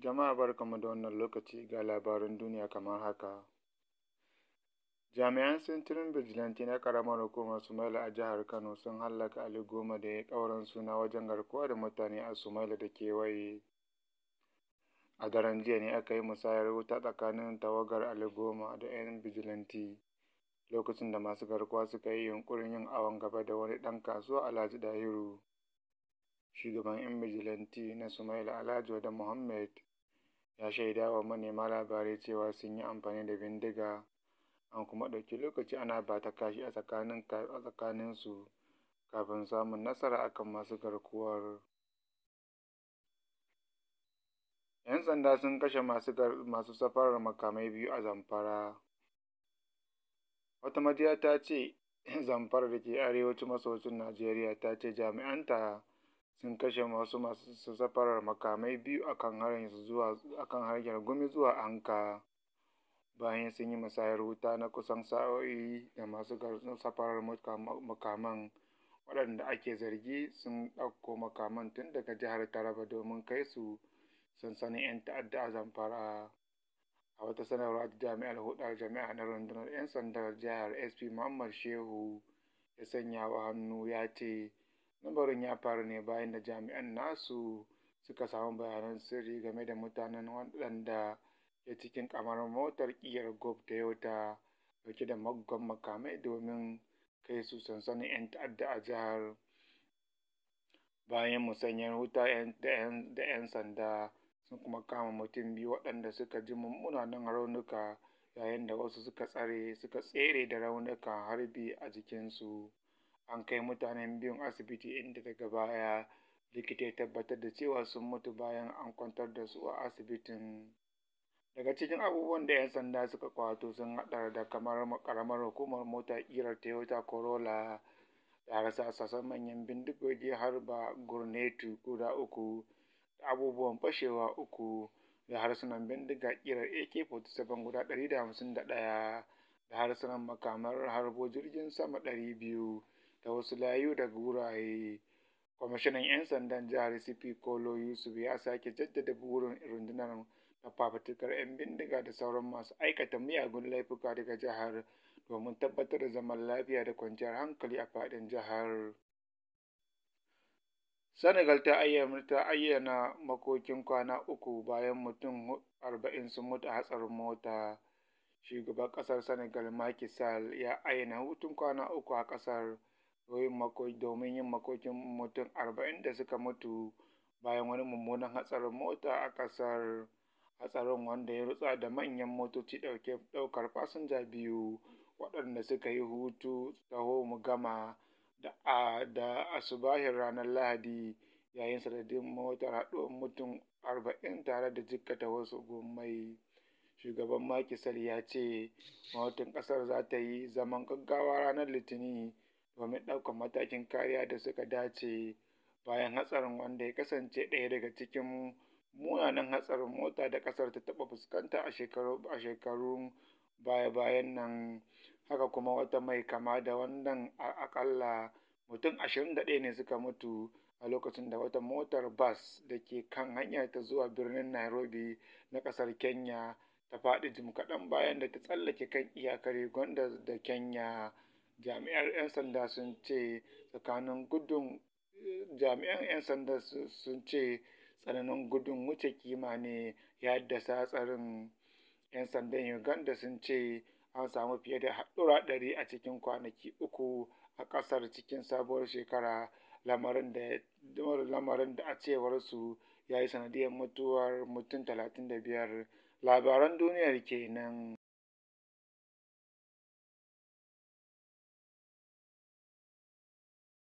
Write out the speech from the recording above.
Jama'a barkanmu da wannan lokaci ga labaran duniya kamar haka. Jami'an sintirin bijilanti na ƙaramar hukumar Sumaila a jihar Kano sun hallaka Ali Goma da ya ƙauran suna wajen garkuwa da mutane a Sumaila da kewaye. A daren jiya ne aka yi musayar wuta tsakanin tawagar Ali Goma da 'yan bijilanti lokacin da masu garkuwa suka yi yunƙurin yin awon gaba da wani ɗan kasuwa Alhaji Dahiru. Shugaban 'yan bijilanti na Sumaila Alhaji Wada Muhammad Ya shaida wa manema labarai cewa sun yi amfani da bindiga an kuma ɗauki lokaci ana ba-ta-kashi a tsakaninsu kafin samun nasara a kan masu garkuwar. ‘Yan sanda sun kashe masu safarar makamai biyu a Zamfara. Wata madiya ta ce Zamfara da ke Arewacin maso yammacin Najeriya ta ce jami'anta sun kashe wasu masu safarar makamai biyu a kan hanyar Gumi zuwa Anka, bayan sun yi musayar wuta na kusan sa'o'i da masu safarar makaman waɗanda ake zargi sun ɗauko makaman tun daga jihar Taraba domin kai su sansanin 'yan ta'adda a Zamfara. A wata sanarwa da jami'ar hudar jami'a na rundunar 'yan sandar jihar SP Muhammad Shehu ya sanya wa hannu ya ce Lamarin ya faru ne bayan da jami'an nasu suka samu bayanan sirri game da mutanen waɗanda ke cikin kamar motar ƙirar Golf Toyota dauke da muggan makamai domin kai su sansanin 'yan ta'adda a jihar. Bayan musanyar wuta da 'yan sanda sun kuma kama mutum biyu waɗanda suka ji mummunan raunuka yayin da wasu suka tsere da raunukan harbi a jikinsu. An kai mutanen biyun asibiti inda daga baya likita ya tabbatar da cewa sun mutu bayan an kwantar da su a asibitin. Daga cikin abubuwan da 'yan sanda suka kwato sun hada da kamar karamar hukumar mota kirar Toyota Corolla da harsasan manyan bindigogi har ba gurnetu guda uku da abubuwan fashewa uku da harsunan bindiga ƙirar AK-47 guda 151 da harsunan makamar harbo jirgin sama 200 da wasu layu daga wurare. Kwamishinan 'Yan Sandan Jihar CP Kolo Yusuf ya sake jaddada burin rundunar da fafutukar 'yan bindiga da sauran masu aikata miyagun laifuka daga jihar domin tabbatar da zaman lafiya da kwanciyar hankali a faɗin jihar. Senegal ta ayyana makokin kwana uku bayan mutum arba'in sun mutu a hatsarin mota. Shugaban ƙasar Senegal Macky ya ayyana hutun kwana uku a ƙasar domin yin makokin mutum arba'in da suka mutu bayan wani mummunan hatsarin mota a ƙasar. Hatsarin wanda ya rutsa da manyan motoci ɗauke ɗaukar fasinja biyu waɗanda suka yi hutu taho mu gama da a asubahin ranar Lahadi yayin sanadin motar haɗuwar mutum arba'in tare da jikkata wasu gomai. Shugaban Makisar ya ce mahotin ƙasar za ta yi zaman gaggawa ranar Litinin. domin ɗaukar matakin kariya da suka dace bayan hatsarin wanda ya kasance ɗaya daga cikin munanan hatsarin mota da ƙasar ta taɓa fuskanta a shekarun baya-bayan nan haka kuma wata mai kama da wannan a aƙalla mutum ashirin 21 ne suka mutu a lokacin da wata motar bas da ke kan hanyar ta zuwa birnin Nairobi na ƙasar Kenya ta faɗi jim kaɗan bayan da ta tsallake kan iyakar Uganda da Kenya. Jami'an 'yan sanda sun ce tsananin gudun wuce kima ne ya haddasa tsarin 'yan sandan Uganda sun ce an samu fiye da haɗura ɗari a cikin kwanaki uku a ƙasar cikin sabuwar shekara, lamarin da a cewar su ya yi sanadiyar mutuwar mutum 35. Labaran duniyar kenan